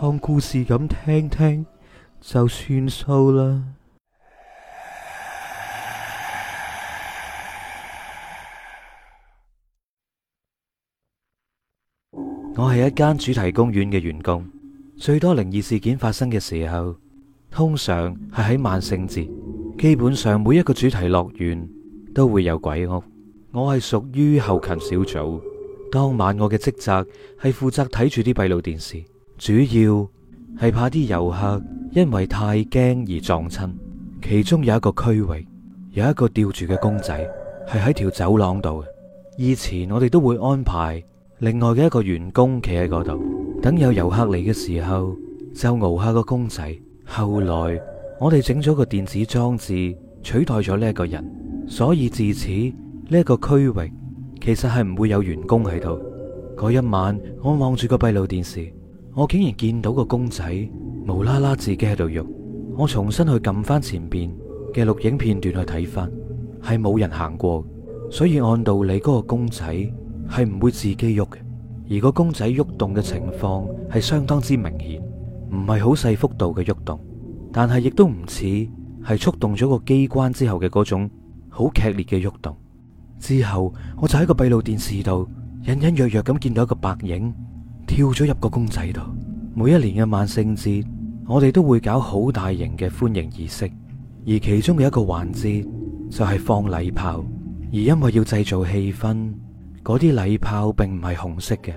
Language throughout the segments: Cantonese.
當故事咁聽聽就算數啦。我係一間主題公園嘅員工，最多靈異事件發生嘅時候，通常係喺萬聖節。基本上每一個主題樂園都會有鬼屋。我係屬於後勤小組，當晚我嘅職責係負責睇住啲閉路電視。主要係怕啲遊客因為太驚而撞親，其中有一個區域有一個吊住嘅公仔係喺條走廊度嘅。以前我哋都會安排另外嘅一個員工企喺嗰度，等有遊客嚟嘅時候就搖下個公仔。後來我哋整咗個電子裝置取代咗呢一個人，所以自此呢一個區域其實係唔會有員工喺度。嗰一晚我望住個閉路電視。我竟然見到個公仔無啦啦自己喺度喐，我重新去撳翻前邊嘅錄影片段去睇翻，係冇人行過，所以按道理嗰個公仔係唔會自己喐嘅。而個公仔喐動嘅情況係相當之明顯，唔係好細幅度嘅喐動，但係亦都唔似係觸動咗個機關之後嘅嗰種好劇烈嘅喐動。之後我就喺個閉路電視度隱隱約約咁見到一個白影。跳咗入個公仔度。每一年嘅萬聖節，我哋都會搞好大型嘅歡迎儀式，而其中嘅一個環節就係放禮炮。而因為要製造氣氛，嗰啲禮炮並唔係紅色嘅，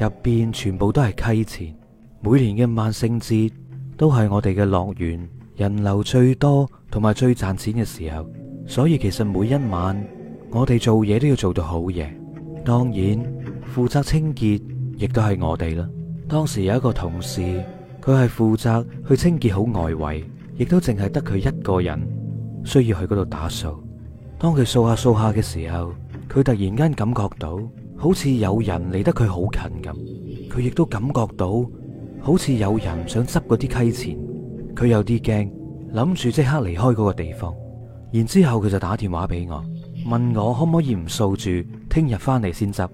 入邊全部都係溪錢。每年嘅萬聖節都係我哋嘅樂園人流最多同埋最賺錢嘅時候，所以其實每一晚我哋做嘢都要做到好嘢。當然負責清潔。亦都係我哋啦。當時有一個同事，佢係負責去清潔好外圍，亦都淨係得佢一個人需要去嗰度打掃。當佢掃下掃下嘅時候，佢突然間感覺到好似有人離得佢好近咁，佢亦都感覺到好似有人想執嗰啲溪錢，佢有啲驚，諗住即刻離開嗰個地方。然之後佢就打電話俾我，問我可唔可以唔掃住，聽日翻嚟先執。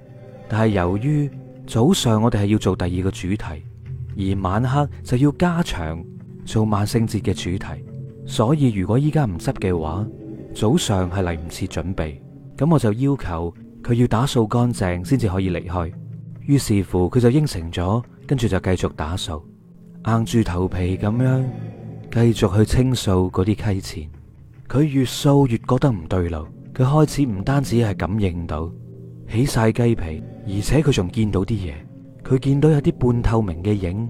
但係由於，早上我哋係要做第二個主題，而晚黑就要加場做萬聖節嘅主題。所以如果依家唔執嘅話，早上係嚟唔切準備。咁我就要求佢要打掃乾淨先至可以離開。於是乎佢就應承咗，跟住就繼續打掃，硬住頭皮咁樣繼續去清掃嗰啲溪錢。佢越掃越覺得唔對路，佢開始唔單止係感應到。起晒雞皮，而且佢仲見到啲嘢。佢見到有啲半透明嘅影，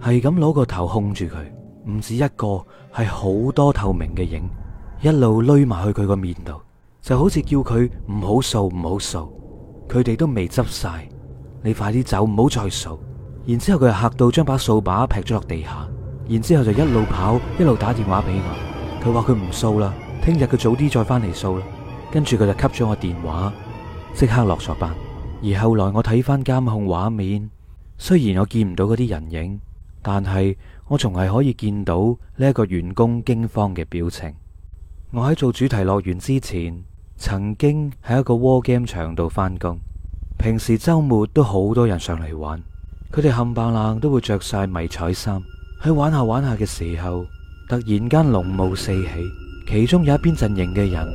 係咁攞個頭控住佢，唔止一個，係好多透明嘅影，一路匿埋去佢個面度，就好似叫佢唔好掃，唔好掃。佢哋都未執晒，你快啲走，唔好再掃。然之後佢就吓到，將把掃把劈咗落地下。然之後就一路跑，一路打電話俾我。佢話佢唔掃啦，聽日佢早啲再翻嚟掃啦。跟住佢就 cut 咗我電話。即刻落咗班。而後來我睇翻監控畫面，雖然我見唔到嗰啲人影，但係我仲係可以見到呢一個員工驚慌嘅表情。我喺做主題樂園之前，曾經喺一個 war game 場度翻工，平時週末都好多人上嚟玩。佢哋冚唪唥都會着晒迷彩衫。喺玩下玩下嘅時候，突然間濃霧四起，其中有一邊陣營嘅人，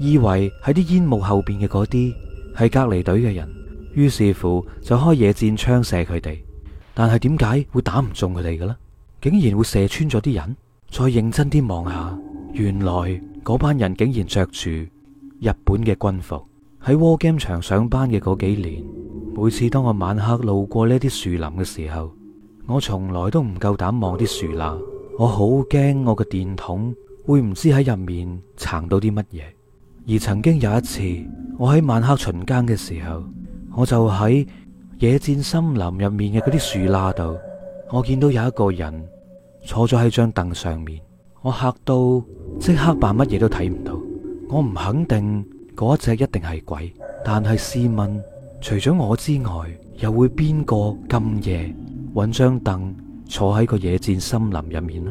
以為喺啲煙霧後邊嘅嗰啲，係隔離隊嘅人，於是乎就開野戰槍射佢哋。但係點解會打唔中佢哋嘅呢？竟然會射穿咗啲人。再認真啲望下，原來嗰班人竟然着住日本嘅軍服。喺 War Game 場上班嘅嗰幾年，每次當我晚黑路過呢啲樹林嘅時候，我從來都唔夠膽望啲樹罅，我好驚我嘅電筒會唔知喺入面藏到啲乜嘢。而曾經有一次，我喺晚黑巡更嘅時候，我就喺野戰森林入面嘅嗰啲樹罅度，我見到有一個人坐咗喺張凳上面，我嚇到即刻扮乜嘢都睇唔到。我唔肯定嗰一隻一定係鬼，但係試問，除咗我之外，又會邊個咁夜揾張凳坐喺個野戰森林入面呢？